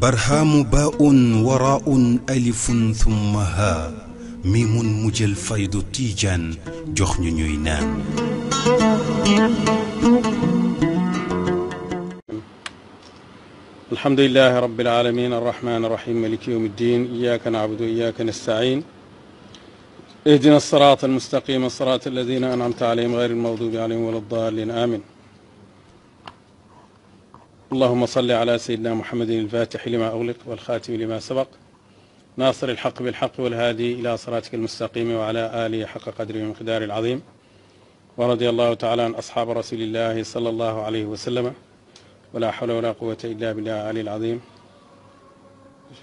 برهام باء وراء ألف ثم ها ميم مجل فيض تيجان جخن يوينان الحمد لله رب العالمين الرحمن الرحيم ملك يوم الدين إياك نعبد وإياك نستعين اهدنا الصراط المستقيم الصراط الذين أنعمت عليهم غير المغضوب عليهم ولا الضالين آمين اللهم صل على سيدنا محمد الفاتح لما أغلق والخاتم لما سبق ناصر الحق بالحق والهادي إلى صراطك المستقيم وعلى آله حق قدره ومقداره العظيم ورضي الله تعالى عن أصحاب رسول الله صلى الله عليه وسلم ولا حول ولا قوة إلا بالله العلي العظيم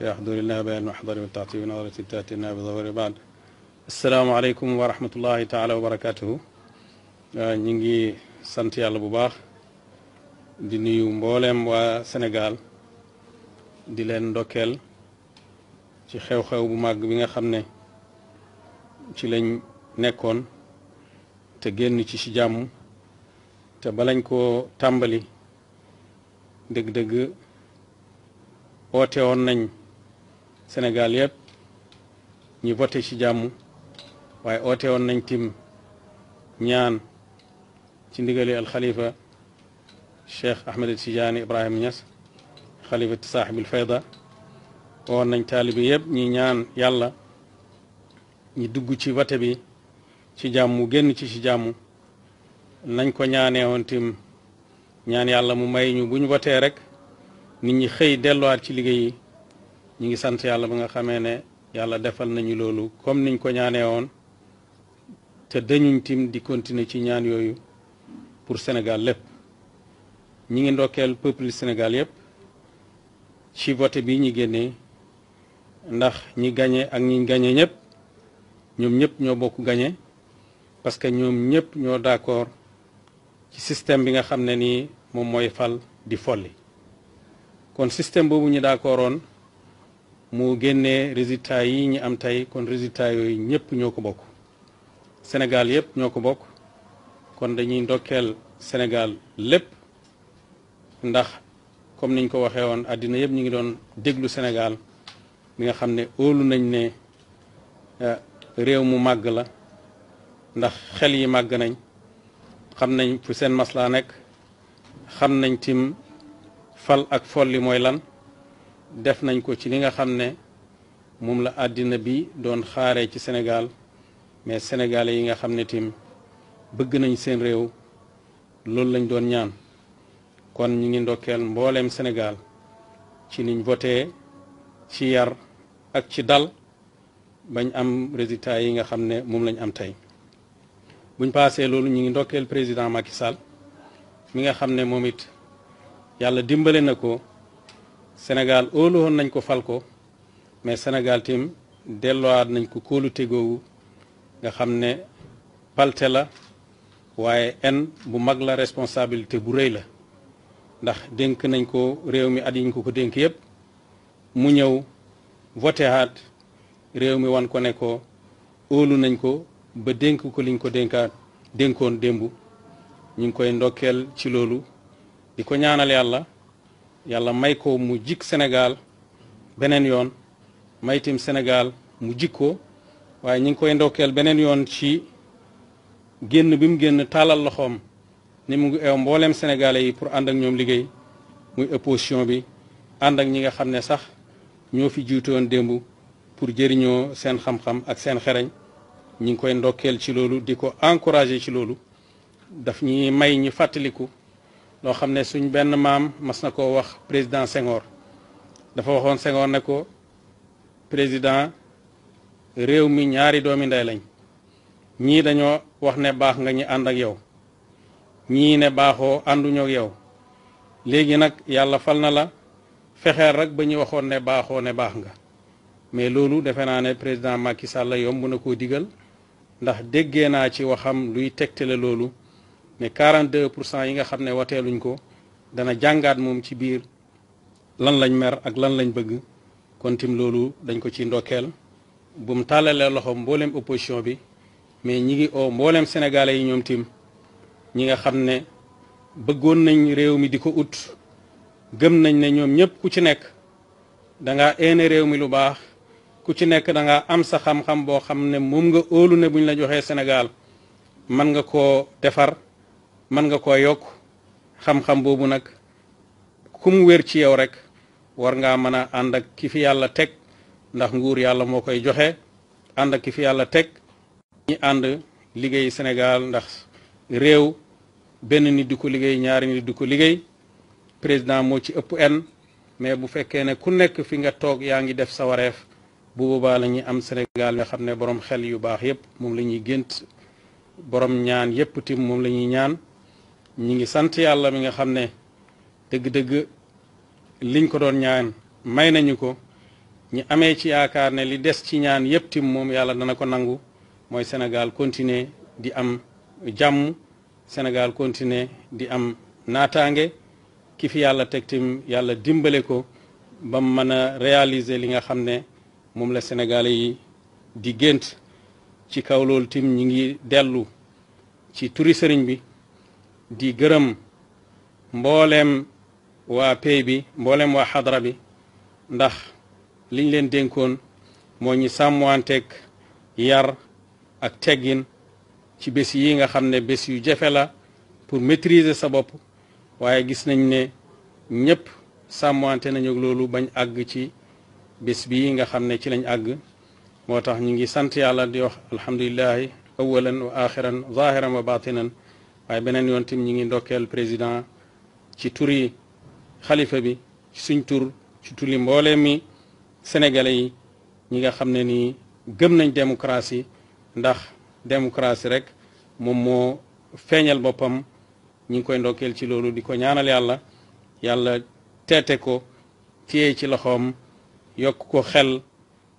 يحضر الله بين المحضر والتعطيب نظرة تأتي لنا بظهور بعد السلام عليكم ورحمة الله تعالى وبركاته آه، نجي سنتي الله بباخ di nuyu mbooleem wa Sénégal di leen ndokkeel ci xew-xew bu màgg bi nga xam ne ci lañ nekkoon te génn ci ci jàmm te balañ koo tàmbali dëgg-dëgg oote woon nañ senegal yépp ñi voté ci jàmm waaye oote woon nañ tim ñaan ci ndigali alxalifa cheikh Ahmed Tidiane Ibrahima Niass xalifa saaxibil fayda woon nañ taalibi yëpp ñi ñaan yàlla ñi dugg ci wate bi ci jàmm génn ci ci jàmm nañ ko ñaanee woon tim ñaan yàlla mu may ñu bu ñu watee rek nit ñi xëy delluwaat ci liggéey yi ñu ngi sant yàlla ba nga xamee ne yàlla defal nañu loolu comme niñ ko ñaanee woon te dañu tim di continuer ci ñaan yooyu pour Sénégal lépp ñi ngi ndokkeel peuple Sénégal yépp ci vote bi ñi génnee ndax ñi gañe ak ñi gañe ñépp ñoom ñépp ñoo bokk gañe parce que ñoom ñépp ñoo d'accord ci système bi nga xam ne nii moom mooy fal di folli kon système boobu ñu d'accordoon mu génnee résultats yi ñu am tey kon résultats yooyu ñépp ñoo ko bokk Sénégal yépp ñoo ko bokk kon dañuy ndokkeel Sénégal lépp ndax comme niñ ko waxee woon àddina yëpp ñu ngi doon déglu Sénégal mi nga xam ne óolu nañ ne eh, réew mu màgg la ndax xel yi màgg nañ xam nañ fu seen maslaa nekk xam nañ tim fal ak folli mooy lan def nañ ko ci li nga xam ne moom la àddina bi doon xaaree ci Sénégal mais sénégalais yi nga xam ne tim bëgg nañ seen réew loolu lañ doon ñaan kon ñu ngi ndokkeel mbooleem Sénégal ci niñ voté ci yar ak ci dal bañ am résultat yi nga xam ne moom lañ am tey buñ paasee loolu ñu ngi ndokkeel président Macky Sall mi nga xam ne moom it yàlla dimbale na ko Sénégal óolu nañ ko fal ko mais Sénégal tim delluwaat nañ ko kóolu googu nga xam ne palte la waaye en bu mag la responsabilité bu rëy la ndax dénk nañ ko réew mi adiñ ko ko dénk yépp mu ñëw voté haat réew mi wan ko ne ko óolu nañ ko ba dénk ko liñ ko dénkaat dénkoon démbu ñu ngi koy ndokkeel ci loolu di ko ñaanal yàlla yàlla may ko mu jik sénégal beneen yoon maytim sénégal mu jikkoo waaye ñu ngi koy ndokkeel beneen yoon ci génn bi mu génn taalal loxoom ni mu ngi eew eh, mbooleem sénégalais yi pour ànd ak ñoom liggéey muy opposition bi ànd ak ñi nga xam ne sax ñoo fi jiitoon démb pour jëriñoo seen xam-xam ak seen xereñ ñi ngi koy ndokkeel ci loolu di ko encouragé ci loolu daf ñuy may ñi fàttaliku loo xam ne suñ benn maam mas na koo wax président Senghor dafa waxoon Senghor ne ko président réew mi ñaari doomi ndey lañ ñii dañoo wax ne baax nga ñi ànd ak yow ñii ne baaxoo ànduñoo yow léegi nag yàlla fal na la fexeel rek ba ñu waxoon ne baaxoo ne baax nga mais loolu defe naa ne président Macky Sall yomb na koo digal ndax déggee naa ci waxam luy tegtale loolu ne 42 pour cent yi nga xam ne wateeluñ ko dana jàngaat moom ci biir lan lañ mer ak lan lañ bëgg kon tim loolu dañ ko ci ndokkeel bu mu tàllalee loxo mboolem opposition bi mais ñi ngi oo mboolem sénégalais yi ñoom tim ñi nga xamne ne bëggoon nañ réew mi diko ut gëm nañ ne ñom ñëpp ku ci nekk da nga éné réew mi lu baax ku ci nekk da nga am sa xam-xam bo xamne ne moom nga óolu ne buñ la joxé Sénégal man nga ko défar man nga ko yok xam-xam bobu nak kum wër ci yow rek war nga mëna and ak ki fi yàlla ndax nguur yalla mo koy joxé and ak ki fi ñi and liggéey Sénégal ndax réew benn ni di ko liggéey ñaari nit di ko liggéey président moo ci ëpp en mais bu fekkee ne ku nekk fi nga toog yaa ngi def sa wareef bu boobaa la ñuy am Sénégal nga xam ne borom xel yu baax yépp moom la ñuy gént borom ñaan yépp moom la ñaan ñi ngi sant yàlla mi nga xam ne dëgg-dëgg liñ ko doon ñaan may nañu ko ñi amee ci yaakaar ne li des ci ñaan yépp tim moom yàlla dana ko nangu mooy Sénégal continuer di am jàmm sénégal continue di am naatange kifi yàlla tegtim yàlla dimbale ko ba mu mën a réaliser li nga xam ne moom la sénégal yi di gént ci kaw loolu tim ñu ngi dellu ci turi sëriñ bi di gërëm mboolem waa pay bi mboolem waa xadra bi ndax liñ leen dénkoon moo ñu sàmmwanteeg yar ak teggin ci bés yi nga xam ne bés yu jafe la pour maitriser sa bopp waaye gis nañ ne ñëpp sàmmante nañu ak loolu bañ àgg ci bés yi nga xam ne ci lañ àgg moo tax ñu ngi sant yàlla di wax alhamdulilahi awalan wa axiran zahiran wa batinan waaye beneen yoon tim ñu ngi ndokkeel président ci turi xalifa bi ci suñ tur ci turi mboolee mi sénégalais yi ñi nga xam ne nii gëm nañ démocratie ndax démocratie rek moom moo feeñal boppam ñi ngi koy ndokkeel ci loolu di ko ñaanal yàlla yàlla teete ko téye ci loxoom yokk ko xel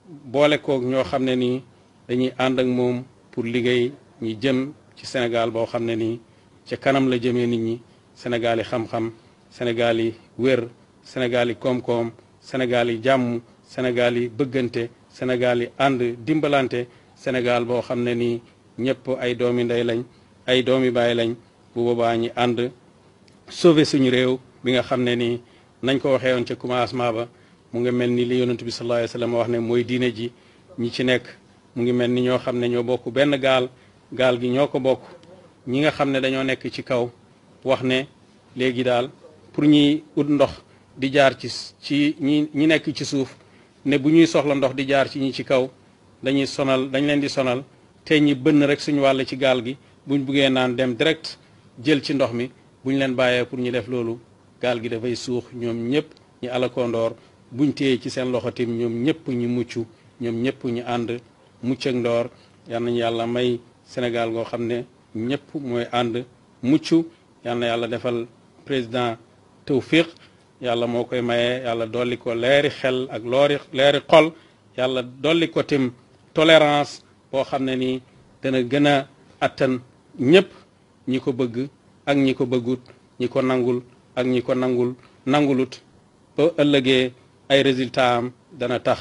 boole koog ñoo xam ne nii dañuy ànd ak moom pour liggéey ñi jëm ci Sénégal boo xam ne nii ca kanam la jëmee nit ñi Sénégal yi xam-xam Sénégal yi wér Sénégal yi koom-koom Sénégal yi jàmm Sénégal yi bëggante Sénégal yi ànd dimbalante Sénégal boo xam ne nii ñëpp ay doom doomi ndey lañ ay doom doomi baay lañ bu boobaa ñi ànd sauver suñu réew bi nga xam ne nii nañ ko waxee woon ca commencement ba mu ngi mel ni li yonent bi sallallahu alayhi wa wax ne mooy diine ji ñi ci nekk mu ngi mel ni ñoo xam ne ñoo bokk benn gaal gaal gi ñoo ko bokk ñi nga xam ne dañoo nekk ci kaw wax ne léegi daal pour ñiy ut ndox di jaar ci ci ñi ñi nekk ci suuf ne bu ñuy soxla ndox di jaar ci ñi ci kaw dañuy sonal dañ leen di sonal te ñi bënn rek suñu wàll ci gaal gi buñ buggee naan dem direct jël ci ndox mi buñ leen bàyyee pour ñu def loolu gaal gi dafay suux ñoom ñëpp ñu alakondoor buñ téye ci seen loxo tim ñoom ñëpp ñu mucc ñoom ñëpp ñu ànd mucc ndoor yal nañu yàlla may Sénégal goo xam ne ñëpp mooy ànd mucc yal yàlla defal président tew tawfiq yàlla moo koy maye yàlla dolli ko leeri xel ak loori leeri xol yàlla dolli ko tim tolérance koo xam ne nii dana gëna a attan ñëpp ñi ko bëgg ak ñi ko bëggut ñi ko nangul ak ñi ko nangul nangulut ba ëllëgee ay résultat am dana tax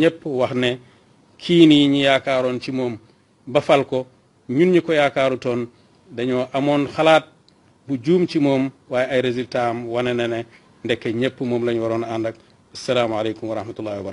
ñëpp wax ne kii nii ñi yaakaaroon ci moom ba fal ko ñun ñi ko yaakaarutoon dañoo amoon xalaat bu juum ci moom waaye ay résultat am wane na ne ndeke ñëpp moom la waroon a ànd ak asalaamaaleykum wa rahmatullahi wa